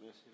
Merci.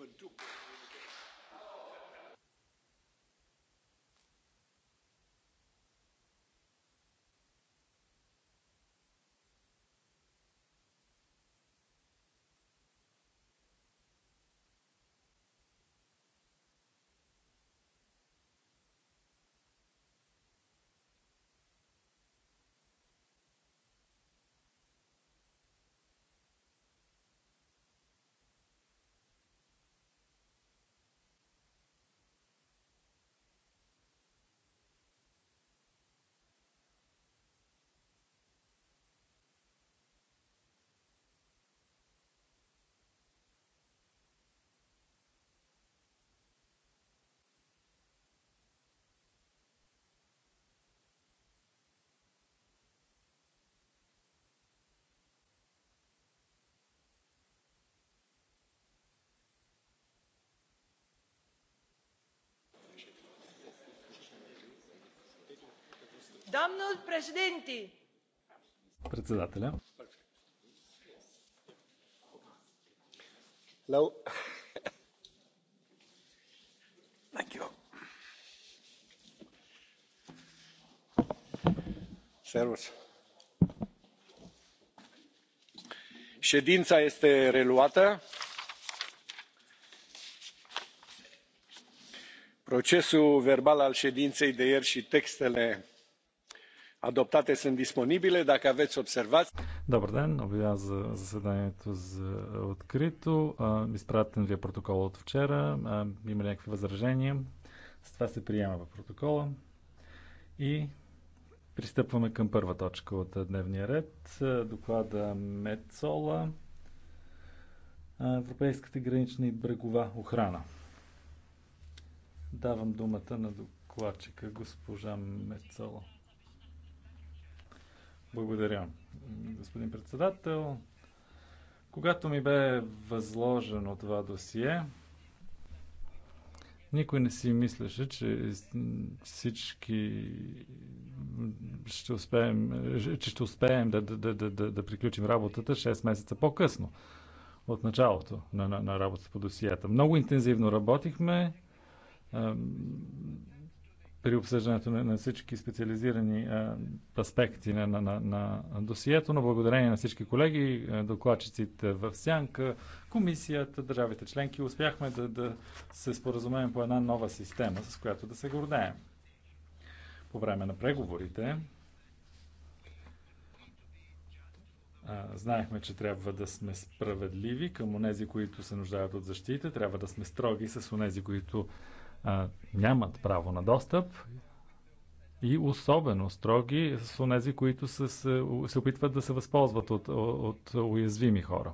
even do. Председателя. Ședința este reluată. Procesul verbal al ședinței de ieri și textele Адоптате са диспонибиле, дака вече обсервация. Добър ден, обявявам за заседанието за открито. Изпратен ви е протокол от вчера. Има ли някакви възражения? С това се приема в протокола. И пристъпваме към първа точка от дневния ред. Доклада Мецола. Европейската гранична и брегова охрана. Давам думата на докладчика госпожа Мецола. Благодаря. Господин председател, когато ми бе възложено това досие, никой не си мислеше, че всички ще успеем, че ще успеем да, да, да, да, да приключим работата 6 месеца по-късно от началото на, на, на работа по досията. Много интензивно работихме при обсъждането на, на всички специализирани а, аспекти на, на, на, на досието, но благодарение на всички колеги, докладчиците в Сянка, комисията, държавите членки, успяхме да, да се споразумеем по една нова система, с която да се гордеем. По време на преговорите знаехме, че трябва да сме справедливи към онези, които се нуждаят от защита, трябва да сме строги с онези, които а, нямат право на достъп и особено строги с тези, които се, се опитват да се възползват от, от уязвими хора.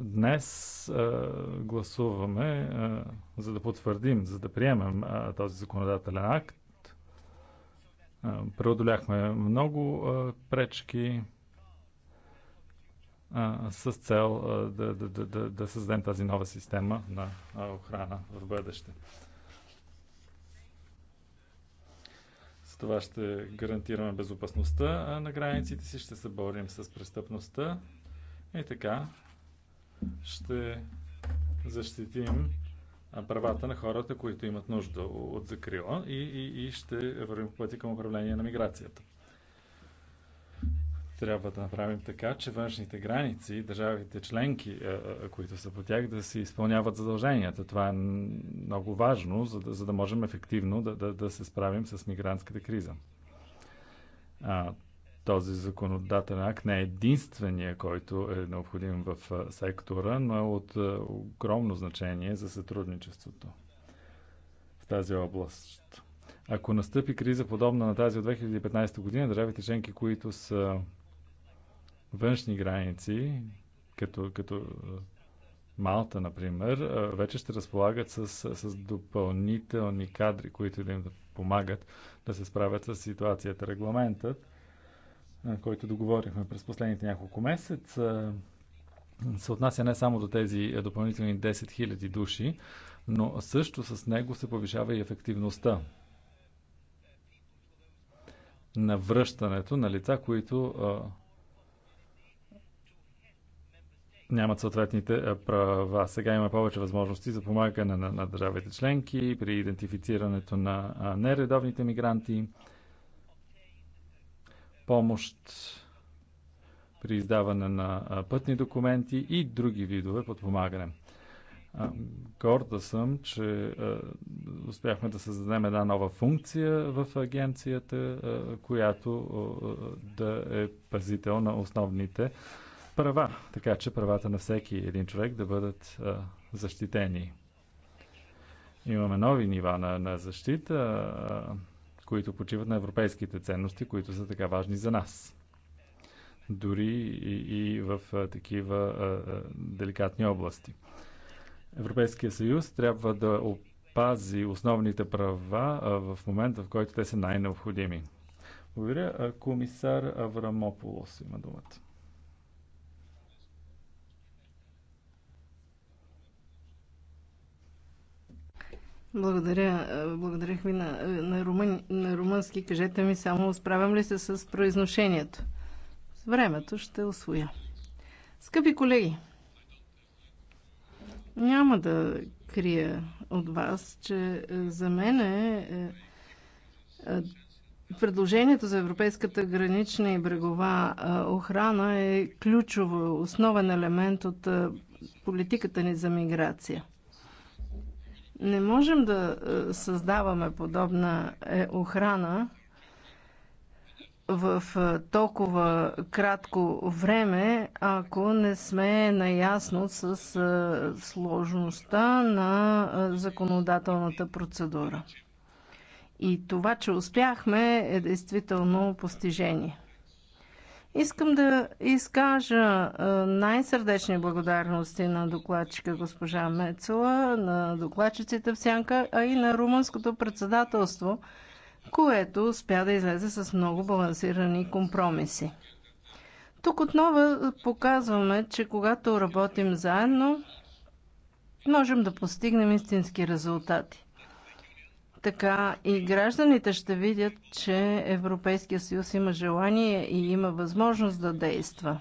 Днес а, гласуваме, а, за да потвърдим, за да приемем а, този законодателен акт. А, преодоляхме много а, пречки с цел да, да, да, да създадем тази нова система на охрана в бъдеще. С това ще гарантираме безопасността на границите си, ще се борим с престъпността и така ще защитим правата на хората, които имат нужда от закрила и, и, и ще вървим по пъти към управление на миграцията трябва да направим така, че външните граници, държавите членки, е, е, които са по тях, да си изпълняват задълженията. Това е много важно, за да, за да можем ефективно да, да, да се справим с мигрантската криза. А, този законодателен акт не е единствения, който е необходим в е, сектора, но е от огромно значение за сътрудничеството в тази област. Ако настъпи криза подобна на тази от 2015 година, държавите членки, които са външни граници, като, като Малта, например, вече ще разполагат с, с допълнителни кадри, които да им помагат да се справят с ситуацията. Регламентът, който договорихме през последните няколко месеца, се отнася не само до тези допълнителни 10 000 души, но също с него се повишава и ефективността на връщането на лица, които нямат съответните права. Сега има повече възможности за помагане на, на държавите членки при идентифицирането на нередовните мигранти, помощ при издаване на пътни документи и други видове подпомагане. Горда съм, че успяхме да създадем една нова функция в агенцията, която да е пазител на основните права, така че правата на всеки един човек да бъдат а, защитени. Имаме нови нива на, на защита, а, които почиват на европейските ценности, които са така важни за нас. Дори и, и в а, такива а, деликатни области. Европейския съюз трябва да опази основните права а, в момента, в който те са най-необходими. Благодаря. Комисар Аврамополос има думата. Благодаря. Благодарих ви на, на, румън, на румънски. Кажете ми само, справям ли се с произношението? С времето ще освоя. Скъпи колеги, няма да крия от вас, че е, за мен е, е предложението за Европейската гранична и брегова охрана е ключово, основен елемент от политиката ни за миграция – не можем да е, създаваме подобна е, охрана в е, толкова кратко време, ако не сме наясно с сложността на законодателната процедура. И това, че успяхме, е действително постижение. Искам да изкажа най-сърдечни благодарности на докладчика госпожа Мецова, на докладчиците в Сянка, а и на румънското председателство, което успя да излезе с много балансирани компромиси. Тук отново показваме, че когато работим заедно, можем да постигнем истински резултати така и гражданите ще видят, че Европейския съюз има желание и има възможност да действа.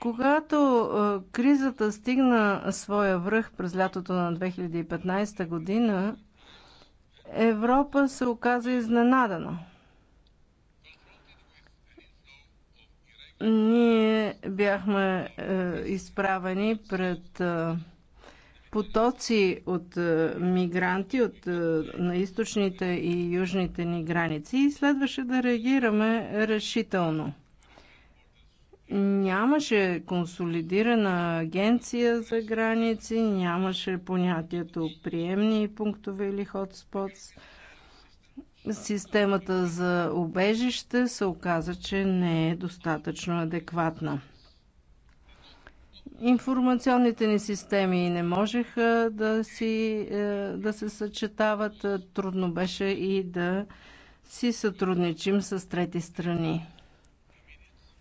Когато е, кризата стигна своя връх през лятото на 2015 година, Европа се оказа изненадана. Ние бяхме е, изправени пред. Е, потоци от е, мигранти от, е, на източните и южните ни граници и следваше да реагираме решително. Нямаше консолидирана агенция за граници, нямаше понятието приемни пунктове или хотспотс. Системата за обежище се оказа, че не е достатъчно адекватна информационните ни системи не можеха да, си, е, да се съчетават. Трудно беше и да си сътрудничим с трети страни.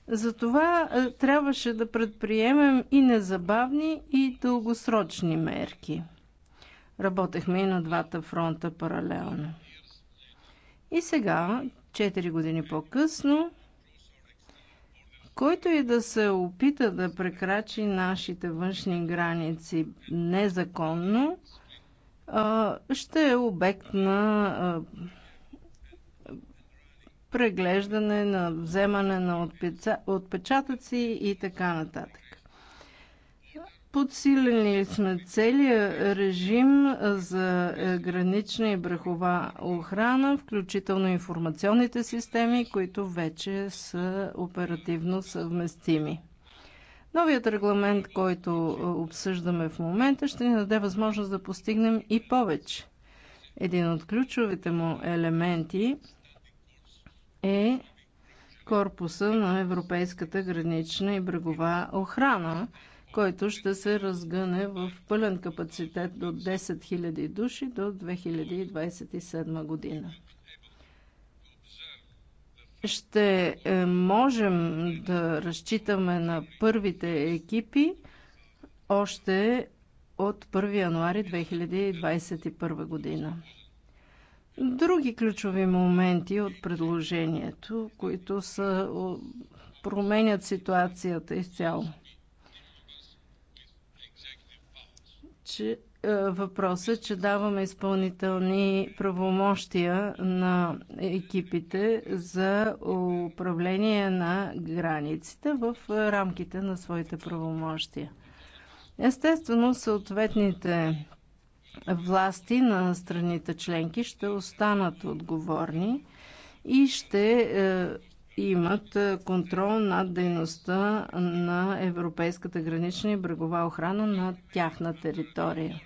Затова е, трябваше да предприемем и незабавни, и дългосрочни мерки. Работехме и на двата фронта паралелно. И сега, 4 години по-късно, който и да се опита да прекрачи нашите външни граници незаконно, ще е обект на преглеждане, на вземане на отпечатъци и така нататък. Подсилени сме целия режим за гранична и брехова охрана, включително информационните системи, които вече са оперативно съвместими. Новият регламент, който обсъждаме в момента, ще ни даде възможност да постигнем и повече. Един от ключовите му елементи е корпуса на Европейската гранична и брегова охрана – който ще се разгъне в пълен капацитет до 10 000 души до 2027 година. Ще е, можем да разчитаме на първите екипи още от 1 януари 2021 година. Други ключови моменти от предложението, които са, променят ситуацията изцяло. че е, въпроса, е, че даваме изпълнителни правомощия на екипите за управление на границите в е, рамките на своите правомощия. Естествено, съответните власти на страните членки ще останат отговорни и ще имат е, контрол над дейността на Европейската гранична и брегова охрана на тяхна територия.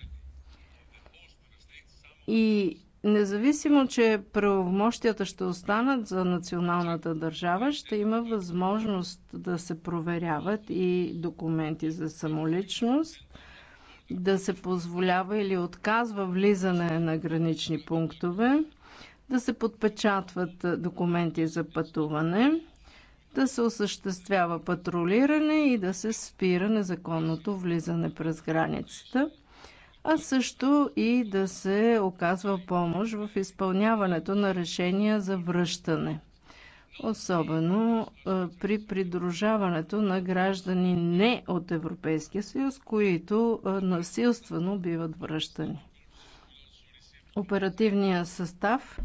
И независимо, че правомощията ще останат за националната държава, ще има възможност да се проверяват и документи за самоличност, да се позволява или отказва влизане на гранични пунктове, да се подпечатват документи за пътуване, да се осъществява патрулиране и да се спира незаконното влизане през границата, а също и да се оказва помощ в изпълняването на решения за връщане особено при придружаването на граждани не от Европейския съюз, които насилствено биват връщани оперативния състав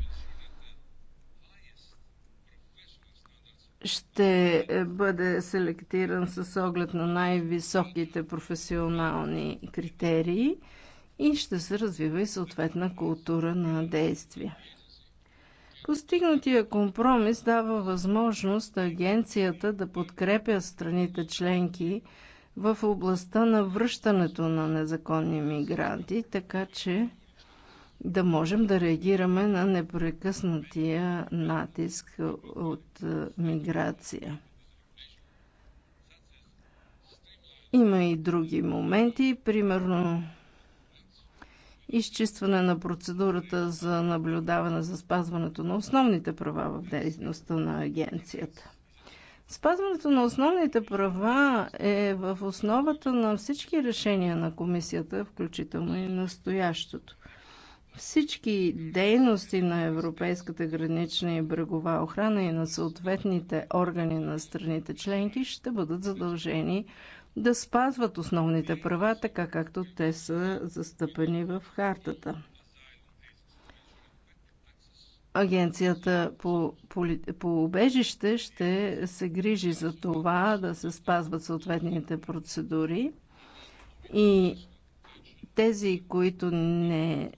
ще е, бъде селектиран с оглед на най-високите професионални критерии и ще се развива и съответна култура на действие. Постигнатия компромис дава възможност агенцията да подкрепя страните членки в областта на връщането на незаконни мигранти, така че да можем да реагираме на непрекъснатия натиск от е, миграция. Има и други моменти, примерно изчистване на процедурата за наблюдаване за спазването на основните права в дейността на агенцията. Спазването на основните права е в основата на всички решения на комисията, включително и настоящото. Всички дейности на Европейската гранична и брегова охрана и на съответните органи на страните членки ще бъдат задължени да спазват основните права, така както те са застъпени в хартата. Агенцията по, по, по убежище ще се грижи за това да се спазват съответните процедури и тези, които не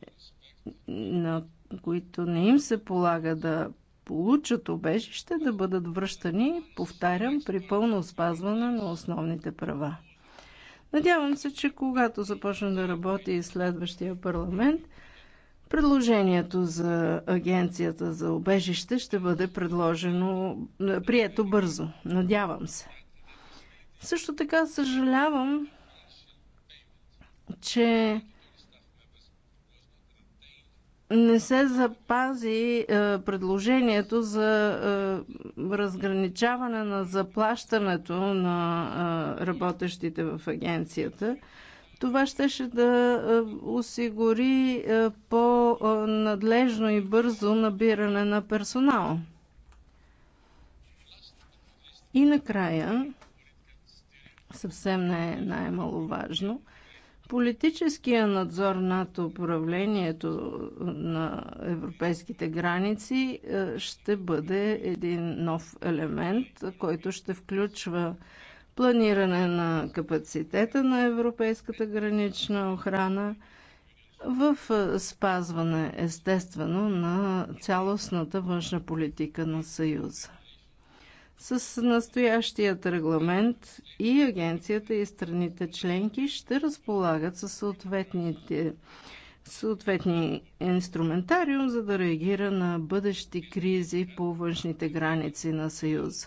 на които не им се полага да получат обежище, да бъдат връщани, повтарям, при пълно спазване на основните права. Надявам се, че когато започна да работи и следващия парламент, предложението за агенцията за обежище ще бъде предложено, прието бързо. Надявам се. Също така съжалявам, че не се запази е, предложението за е, разграничаване на заплащането на е, работещите в агенцията. Това щеше да осигури по-надлежно и бързо набиране на персонал. И накрая, съвсем не е най-маловажно, Политическия надзор над управлението на европейските граници е, ще бъде един нов елемент, който ще включва планиране на капацитета на европейската гранична охрана в е, спазване естествено на цялостната външна политика на Съюза. С настоящият регламент и агенцията и страните членки ще разполагат със съответните съответни инструментариум, за да реагира на бъдещи кризи по външните граници на Съюза.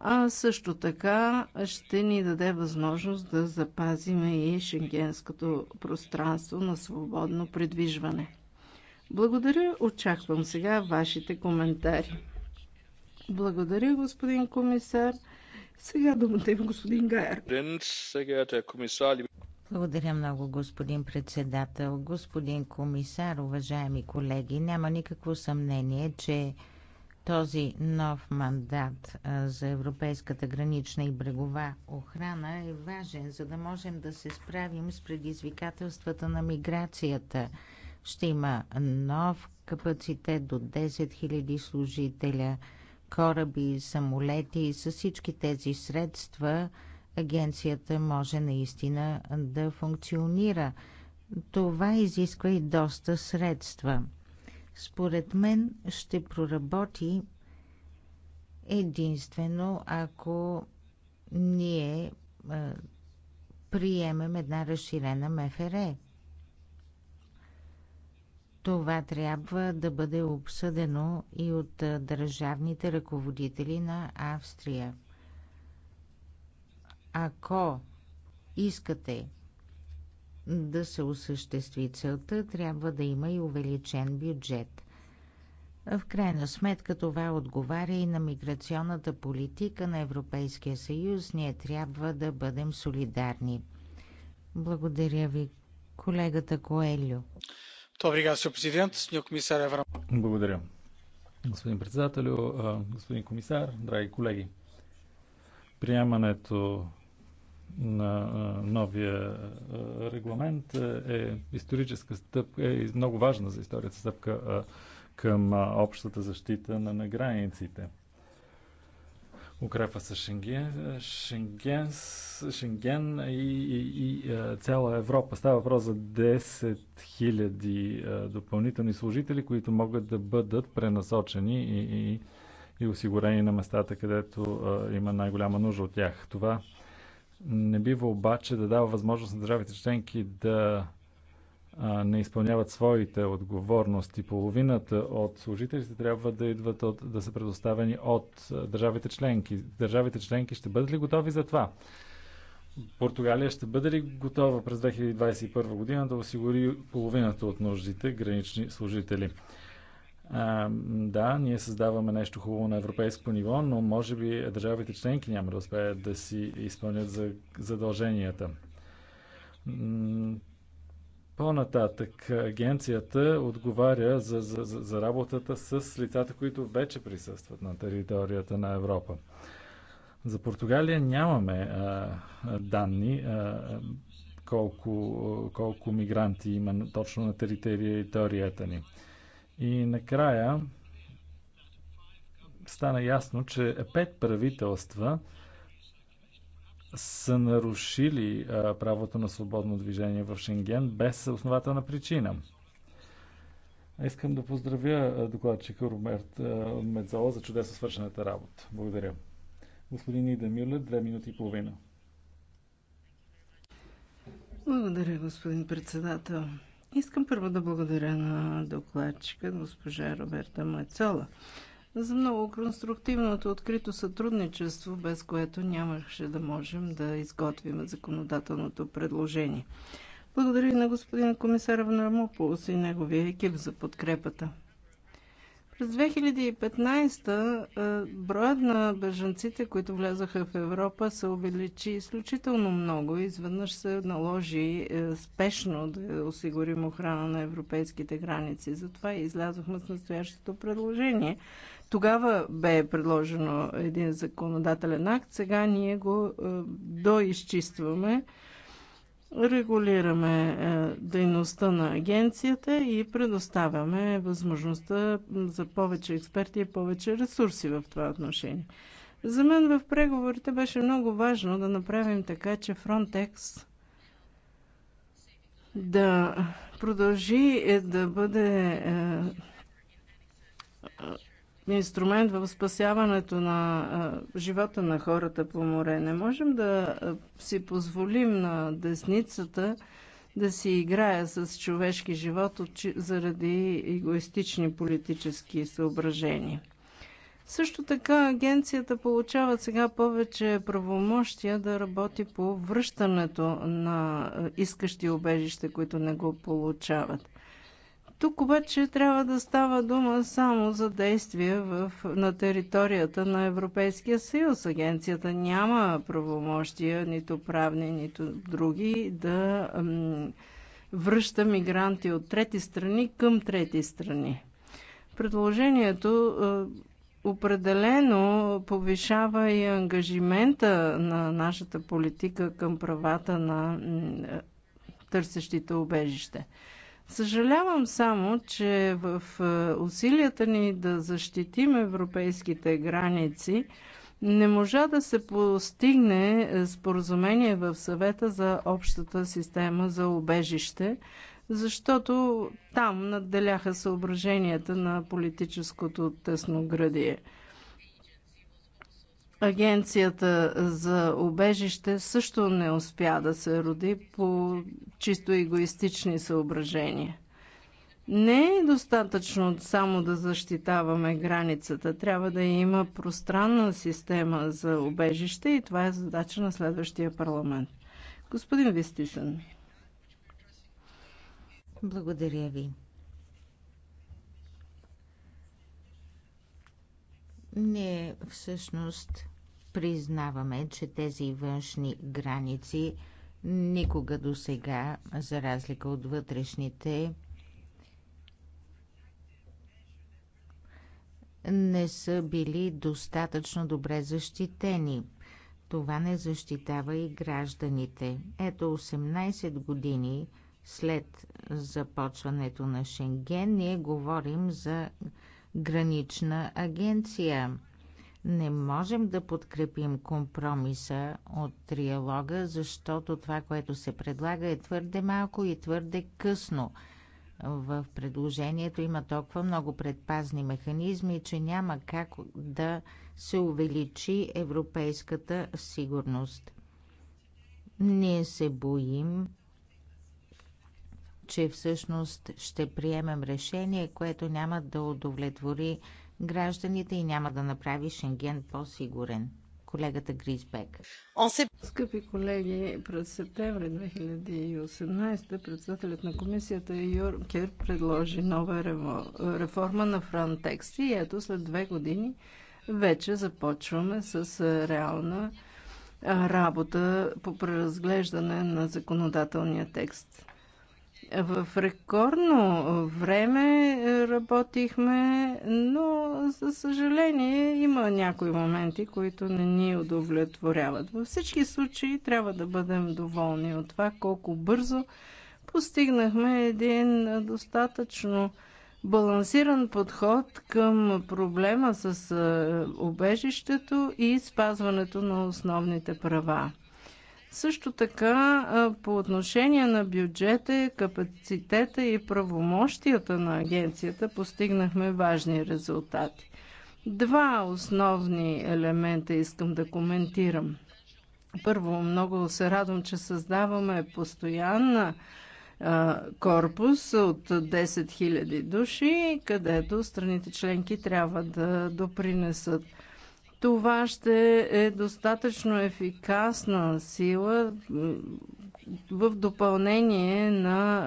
А също така ще ни даде възможност да запазим и шенгенското пространство на свободно придвижване. Благодаря, очаквам сега вашите коментари. Благодаря, господин комисар. Сега думата има господин Гайер. Благодаря много, господин председател, господин комисар, уважаеми колеги. Няма никакво съмнение, че този нов мандат за Европейската гранична и брегова охрана е важен, за да можем да се справим с предизвикателствата на миграцията. Ще има нов капацитет до 10 000 служителя – кораби, самолети. С всички тези средства агенцията може наистина да функционира. Това изисква и доста средства. Според мен ще проработи единствено ако ние приемем една разширена МФР. Това трябва да бъде обсъдено и от държавните ръководители на Австрия. Ако искате да се осъществи целта, трябва да има и увеличен бюджет. В крайна сметка това отговаря и на миграционната политика на Европейския съюз. Ние трябва да бъдем солидарни. Благодаря ви, колегата Коелю. Благодаря. Господин председател, господин комисар, драги колеги, приемането на новия регламент е, е историческа стъпка, е много важна за историята стъпка към общата защита на, на границите укрепва се Шенген, Шенген, Шенген и, и, и е, цяла Европа. Става въпрос за 10 000 е, допълнителни служители, които могат да бъдат пренасочени и, и, и осигурени на местата, където е, има най-голяма нужда от тях. Това не бива обаче да дава възможност на държавите членки да не изпълняват своите отговорности. Половината от служителите трябва да идват от, да са предоставени от държавите членки. Държавите членки ще бъдат ли готови за това? Португалия ще бъде ли готова през 2021 година да осигури половината от нуждите гранични служители? А, да, ние създаваме нещо хубаво на европейско ниво, но може би държавите членки няма да успеят да си изпълнят задълженията по-нататък агенцията отговаря за, за, за работата с лицата, които вече присъстват на територията на Европа. За Португалия нямаме а, данни а, колко, колко мигранти има точно на територията ни. И накрая стана ясно, че пет правителства са нарушили а, правото на свободно движение в Шенген без основателна причина. Искам да поздравя докладчика Роберт Медзола за чудесно свършената работа. Благодаря. Господин Ида Мюллер, две минути и половина. Благодаря, господин председател. Искам първо да благодаря на докладчика госпожа Роберта Мецола за много конструктивното открито сътрудничество, без което нямаше да можем да изготвим законодателното предложение. Благодаря и на господин комисар Аврамополос и неговия екип за подкрепата. През 2015 е, броят на бежанците, които влязаха в Европа, се увеличи изключително много. Изведнъж се наложи е, спешно да осигурим охрана на европейските граници. Затова и излязохме с настоящото предложение. Тогава бе предложено един законодателен акт, сега ние го е, доизчистваме регулираме е, дейността на агенцията и предоставяме възможността за повече експерти и повече ресурси в това отношение. За мен в преговорите беше много важно да направим така, че Frontex да продължи е, да бъде е, инструмент в спасяването на живота на хората по море. Не можем да си позволим на десницата да си играе с човешки живот заради егоистични политически съображения. Също така агенцията получава сега повече правомощия да работи по връщането на искащи обежища, които не го получават. Тук обаче трябва да става дума само за действия в, на територията на Европейския съюз. Агенцията няма правомощия, нито правни, нито други, да връща мигранти от трети страни към трети страни. Предложението определено повишава и ангажимента на нашата политика към правата на търсещите убежище. Съжалявам само, че в е, усилията ни да защитим европейските граници не можа да се постигне е, споразумение в съвета за общата система за обежище, защото там надделяха съображенията на политическото тесноградие. Агенцията за обежище също не успя да се роди по чисто егоистични съображения. Не е достатъчно само да защитаваме границата. Трябва да има пространна система за обежище и това е задача на следващия парламент. Господин Вистисън. Благодаря ви. Не всъщност Признаваме, че тези външни граници никога до сега, за разлика от вътрешните, не са били достатъчно добре защитени. Това не защитава и гражданите. Ето 18 години след започването на Шенген ние говорим за гранична агенция. Не можем да подкрепим компромиса от триалога, защото това, което се предлага е твърде малко и твърде късно. В предложението има толкова много предпазни механизми, че няма как да се увеличи европейската сигурност. Ние се боим, че всъщност ще приемем решение, което няма да удовлетвори гражданите и няма да направи Шенген по-сигурен. Колегата Гризбек. Скъпи колеги, през септември 2018 председателят на комисията Юркер предложи нова реформа на Франтекс. И ето след две години вече започваме с реална работа по преразглеждане на законодателния текст. В рекордно време работихме, но за съжаление има някои моменти, които не ни удовлетворяват. Във всички случаи трябва да бъдем доволни от това колко бързо постигнахме един достатъчно балансиран подход към проблема с обежището е, и спазването на основните права. Също така, по отношение на бюджета, капацитета и правомощията на агенцията, постигнахме важни резултати. Два основни елемента искам да коментирам. Първо, много се радвам, че създаваме постоянна корпус от 10 000 души, където страните членки трябва да допринесат това ще е достатъчно ефикасна сила в допълнение на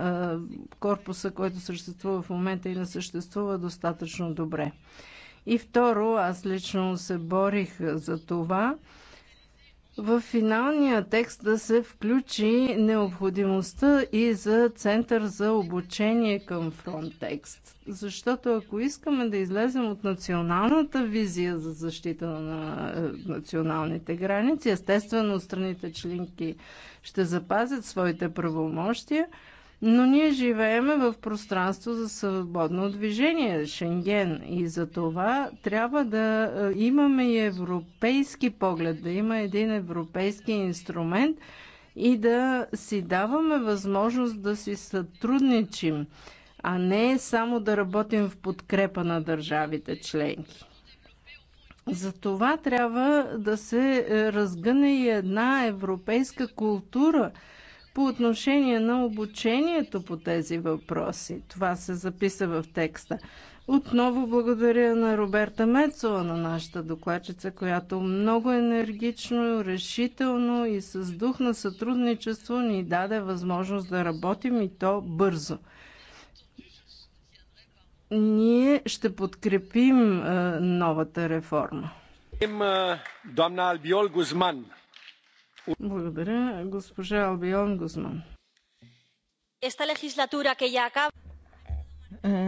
корпуса, който съществува в момента и не съществува достатъчно добре. И второ, аз лично се борих за това в финалния текст да се включи необходимостта и за център за обучение към Frontex. Защото ако искаме да излезем от националната визия за защита на е, националните граници, естествено страните членки ще запазят своите правомощия – но ние живееме в пространство за свободно движение, Шенген, и за това трябва да е, имаме и европейски поглед, да има един европейски инструмент и да си даваме възможност да си сътрудничим, а не само да работим в подкрепа на държавите членки. За това трябва да се е, разгъне и една европейска култура – по отношение на обучението по тези въпроси. Това се записа в текста. Отново благодаря на Роберта Мецола, на нашата докладчица, която много енергично, решително и с дух на сътрудничество ни даде възможност да работим и то бързо. Ние ще подкрепим е, новата реформа. Е, е, доамна Албиол Гузман. Благодаря, госпожа Албион Гузман. Е,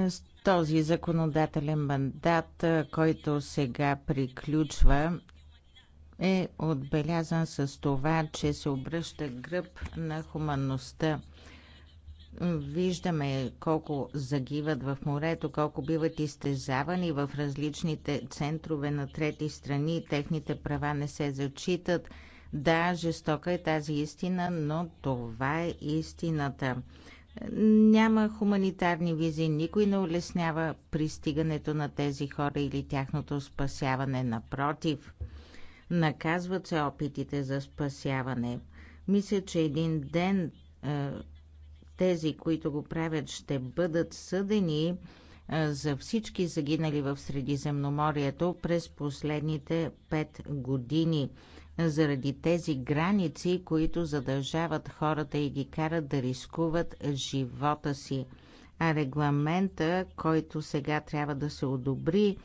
с този законодателен мандат, е, който сега приключва, е отбелязан с това, че се обръща гръб на хуманността. Виждаме колко загиват в морето, колко биват изтезавани в различните центрове на трети страни, техните права не се зачитат – да, жестока е тази истина, но това е истината. Няма хуманитарни визи, никой не улеснява пристигането на тези хора или тяхното спасяване. Напротив, наказват се опитите за спасяване. Мисля, че един ден е, тези, които го правят, ще бъдат съдени е, за всички загинали в Средиземноморието през последните пет години заради тези граници, които задължават хората и ги карат да рискуват живота си. А регламента, който сега трябва да се одобри,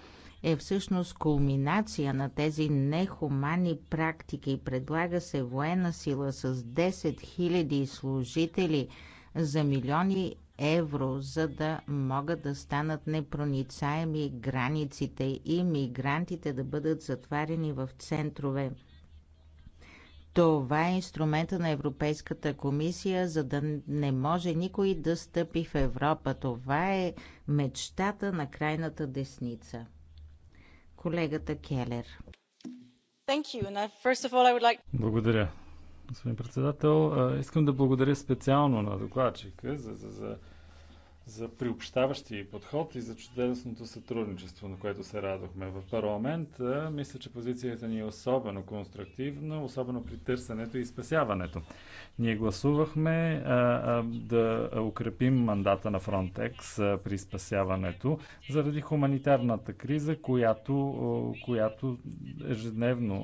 е всъщност кулминация на тези нехумани практики. Предлага се военна сила с 10 000 служители за милиони евро, за да могат да станат непроницаеми границите и мигрантите да бъдат затварени в центрове. Това е инструмента на Европейската комисия, за да не може никой да стъпи в Европа. Това е мечтата на крайната десница. Колегата Келер. Благодаря, господин председател. Искам да благодаря специално на докладчика за, за, за за приобщаващи подход и за чудесното сътрудничество, на което се радвахме в парламент. Мисля, че позицията ни е особено конструктивна, особено при търсенето и спасяването. Ние гласувахме а, а, да укрепим мандата на Frontex а, при спасяването заради хуманитарната криза, която, а, която ежедневно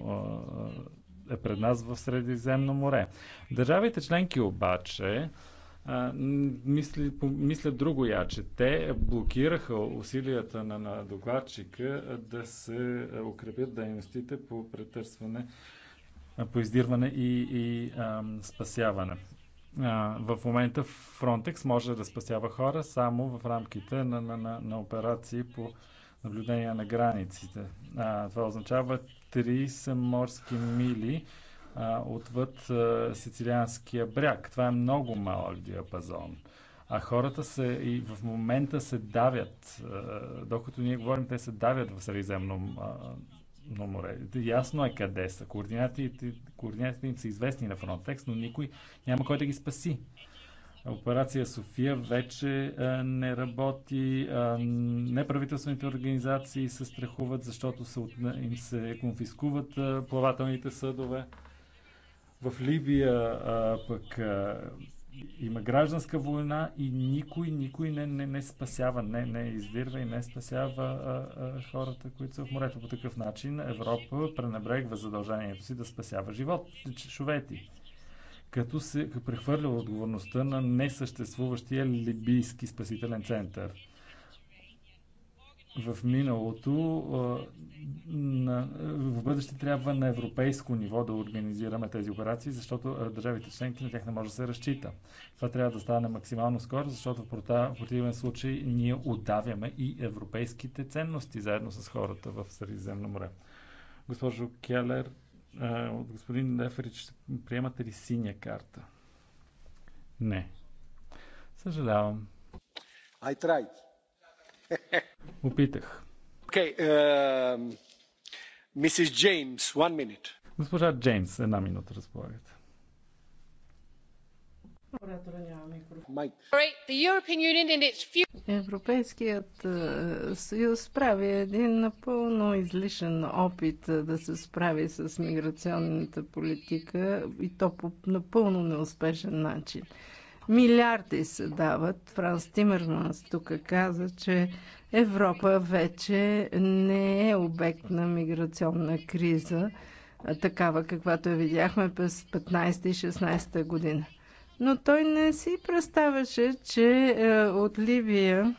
а, е пред нас в Средиземно море. Държавите членки обаче а, мисли, мисля друго я, че те блокираха усилията на, на докладчика да се укрепят дейностите по претърсване, по издирване и, и ам, спасяване. в момента Frontex може да спасява хора само в рамките на, на, на, на операции по наблюдение на границите. А, това означава 30 морски мили отвъд сицилианския бряг. Това е много малък диапазон. А хората се, и в момента се давят, докато ние говорим, те се давят в Средиземно а, море. Ясно е къде са. Координатите, координатите им са известни на Frontex, но никой няма кой да ги спаси. Операция София вече а, не работи. А, неправителствените организации се страхуват, защото се, им се конфискуват а, плавателните съдове. В Либия а, пък а, има гражданска война и никой, никой не, не, не спасява, не, не издирва и не спасява а, а, хората, които са в морето. По такъв начин Европа пренебрегва задължението си да спасява живот, човети като се прехвърля отговорността на несъществуващия либийски спасителен център в миналото, на, в бъдеще трябва на европейско ниво да организираме тези операции, защото държавите членки на тях не може да се разчита. Това трябва да стане максимално скоро, защото в противен случай ние отдавяме и европейските ценности заедно с хората в Средиземно море. Госпожо Келер, от господин Лефрич, приемате ли синя карта? Не. Съжалявам. I tried. опитах. Okay, uh, James, Госпожа Джеймс, една минута разполагате. Европейският е, съюз прави един напълно излишен опит е, да се справи с миграционната политика и то по напълно неуспешен начин. Милиарди се дават. Франс Тимерманс тук каза, че Европа вече не е обект на миграционна криза, такава каквато я видяхме през 15 16 година. Но той не си представяше, че е, от Ливия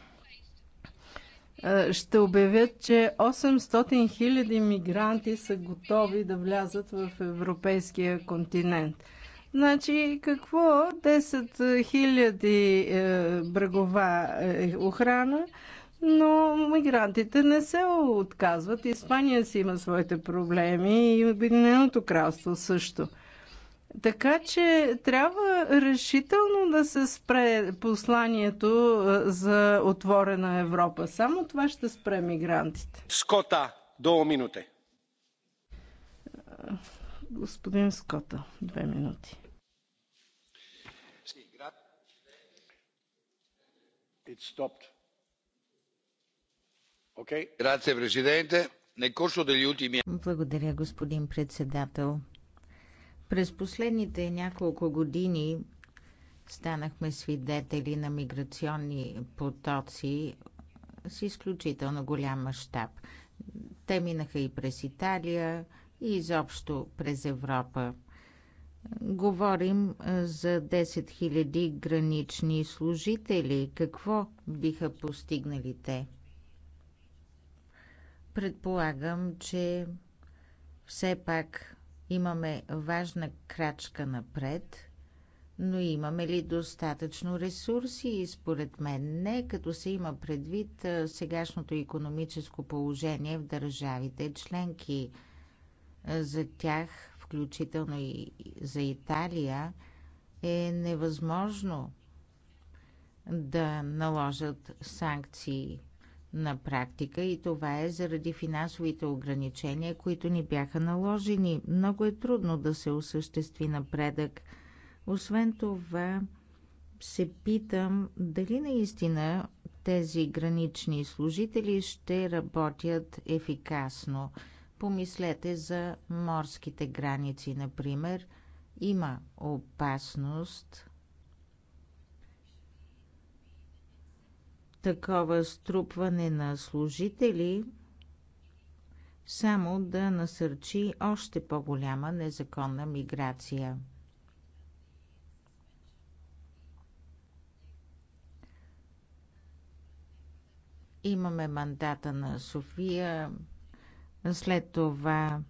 е, ще обявят, че 800 хиляди мигранти са готови да влязат в европейския континент – Значи какво? 10 000 е, брегова е, охрана, но мигрантите не се отказват. Испания си има своите проблеми и Обединеното кралство също. Така че трябва решително да се спре посланието е, за отворена Европа. Само това ще спре мигрантите. Скота, до минути. Господин Скота, две минути. Благодаря, господин председател. През последните няколко години станахме свидетели на миграционни потоци с изключително голям мащаб. Те минаха и през Италия, и изобщо през Европа. Говорим е, за 10 000 гранични служители. Какво биха постигнали те? Предполагам, че все пак имаме важна крачка напред, но имаме ли достатъчно ресурси? Според мен не, като се има предвид е, сегашното економическо положение в държавите членки. Е, за тях включително и за Италия, е невъзможно да наложат санкции на практика и това е заради финансовите ограничения, които ни бяха наложени. Много е трудно да се осъществи напредък. Освен това, се питам дали наистина тези гранични служители ще работят ефикасно – Помислете за морските граници, например. Има опасност такова струпване на служители само да насърчи още по-голяма незаконна миграция. Имаме мандата на София, след това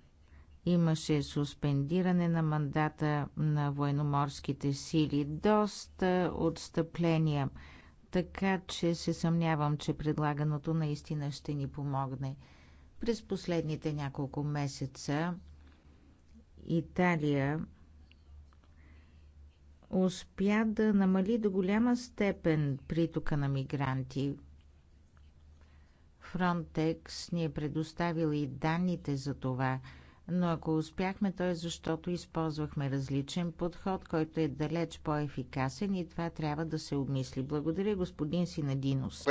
имаше суспендиране на мандата на военноморските сили. Доста отстъпления. Така че се съмнявам, че предлаганото наистина ще ни помогне. През последните няколко месеца Италия успя да намали до голяма степен притока на мигранти. Frontex ни е предоставил и данните за това, но ако успяхме, то е защото използвахме различен подход, който е далеч по-ефикасен и това трябва да се обмисли. Благодаря, господин Синадинос.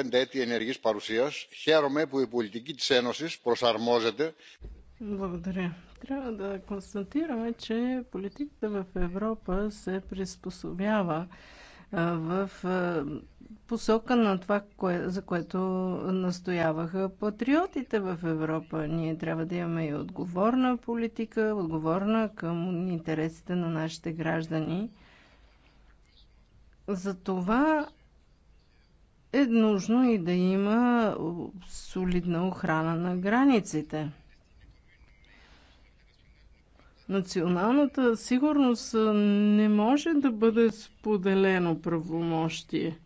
Благодаря. Трябва да констатираме, че политиката в Европа се приспособява в посока на това, кое, за което настояваха патриотите в Европа. Ние трябва да имаме и отговорна политика, отговорна към интересите на нашите граждани. За това е нужно и да има солидна охрана на границите. Националната сигурност не може да бъде споделено правомощие.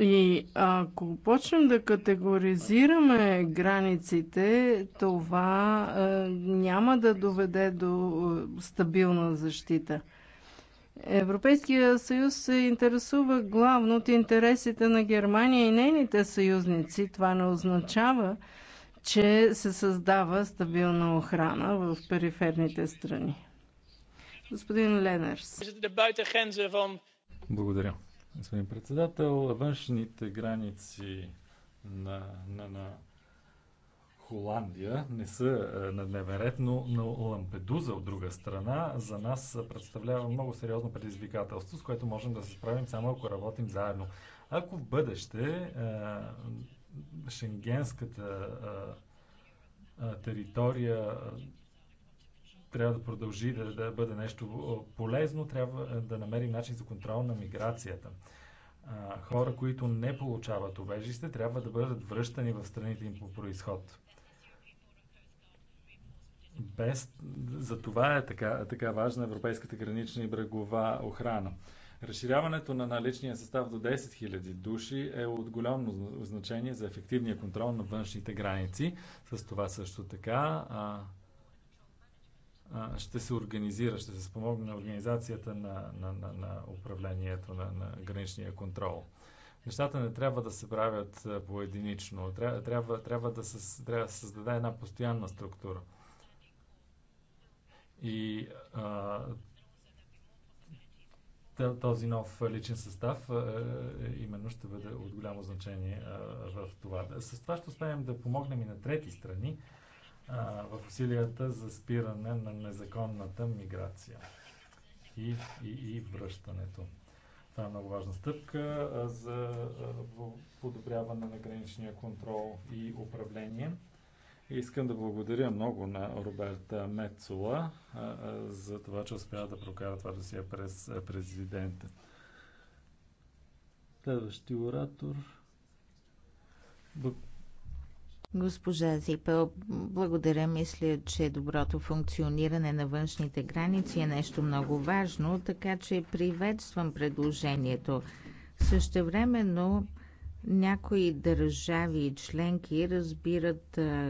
И ако почнем да категоризираме границите, това е, няма да доведе до стабилна защита. Европейския съюз се интересува главно от интересите на Германия и нейните съюзници. Това не означава, че се създава стабилна охрана в периферните страни. Господин Ленерс. Благодаря. Господин председател, външните граници на, на, на Холандия не са е, на дневен ред, но на Лампедуза от друга страна за нас представлява много сериозно предизвикателство, с което можем да се справим само ако работим заедно. Ако в бъдеще е, шенгенската територия трябва да продължи да, да бъде нещо полезно, трябва да намерим начин за контрол на миграцията. А, хора, които не получават убежище, трябва да бъдат връщани в страните им по происход. Без... За това е така, така важна европейската гранична и брегова охрана. Разширяването на наличния състав до 10 000 души е от голямо значение за ефективния контрол на външните граници. С това също така а, а, ще се организира, ще се спомогне на организацията на, на, на, на управлението на, на граничния контрол нещата не трябва да се правят поединично. Трябва, трябва, трябва, да, трябва да се създаде една постоянна структура. И а, този нов личен състав е, е, именно ще бъде от голямо значение в това. С това ще успеем да помогнем и на трети страни в усилията за спиране на незаконната миграция и, и, и връщането. Това е много важна стъпка за подобряване на граничния контрол и управление. Искам да благодаря много на Роберта Мецула за това, че успя да прокара това досия през президента. Следващи оратор. Госпожа Зипел, благодаря. Мисля, че доброто функциониране на външните граници е нещо много важно, така че приветствам предложението. Същевременно някои държави и членки разбират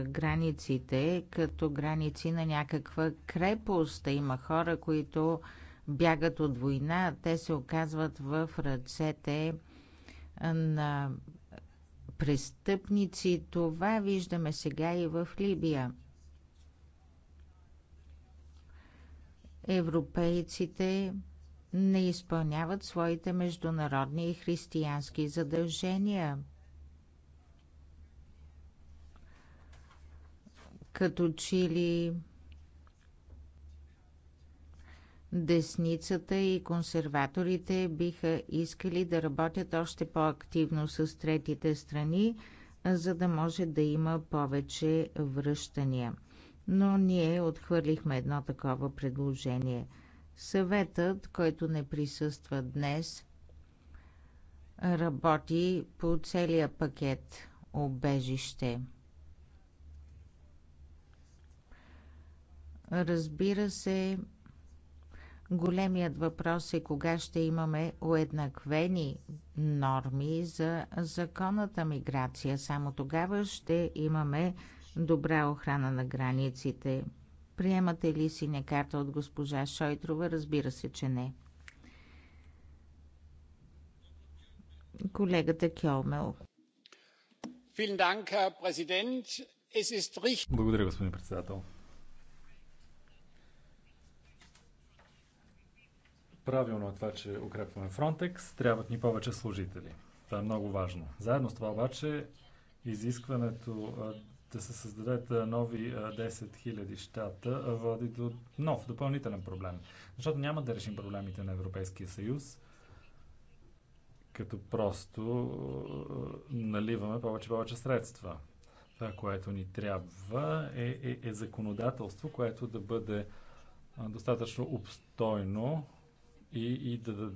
границите като граници на някаква крепост. Има хора, които бягат от война, те се оказват в ръцете на престъпници. Това виждаме сега и в Либия. Европейците не изпълняват своите международни и християнски задължения. Като че ли десницата и консерваторите биха искали да работят още по-активно с третите страни, за да може да има повече връщания. Но ние отхвърлихме едно такова предложение – Съветът, който не присъства днес, работи по целия пакет обежище. Разбира се, големият въпрос е кога ще имаме уеднаквени норми за законната миграция. Само тогава ще имаме добра охрана на границите. Приемате ли синя карта от госпожа Шойтрова? Разбира се, че не. Колегата Кьомел. Благодаря, господин председател. Правилно е това, че укрепваме Фронтекс. Трябват ни повече служители. Това е много важно. Заедно с това обаче изискването да се създадат нови 10 000 щата води до нов, допълнителен проблем. Защото няма да решим проблемите на Европейския съюз, като просто наливаме повече повече средства. Това, което ни трябва е, е, е законодателство, което да бъде достатъчно обстойно и, и да даде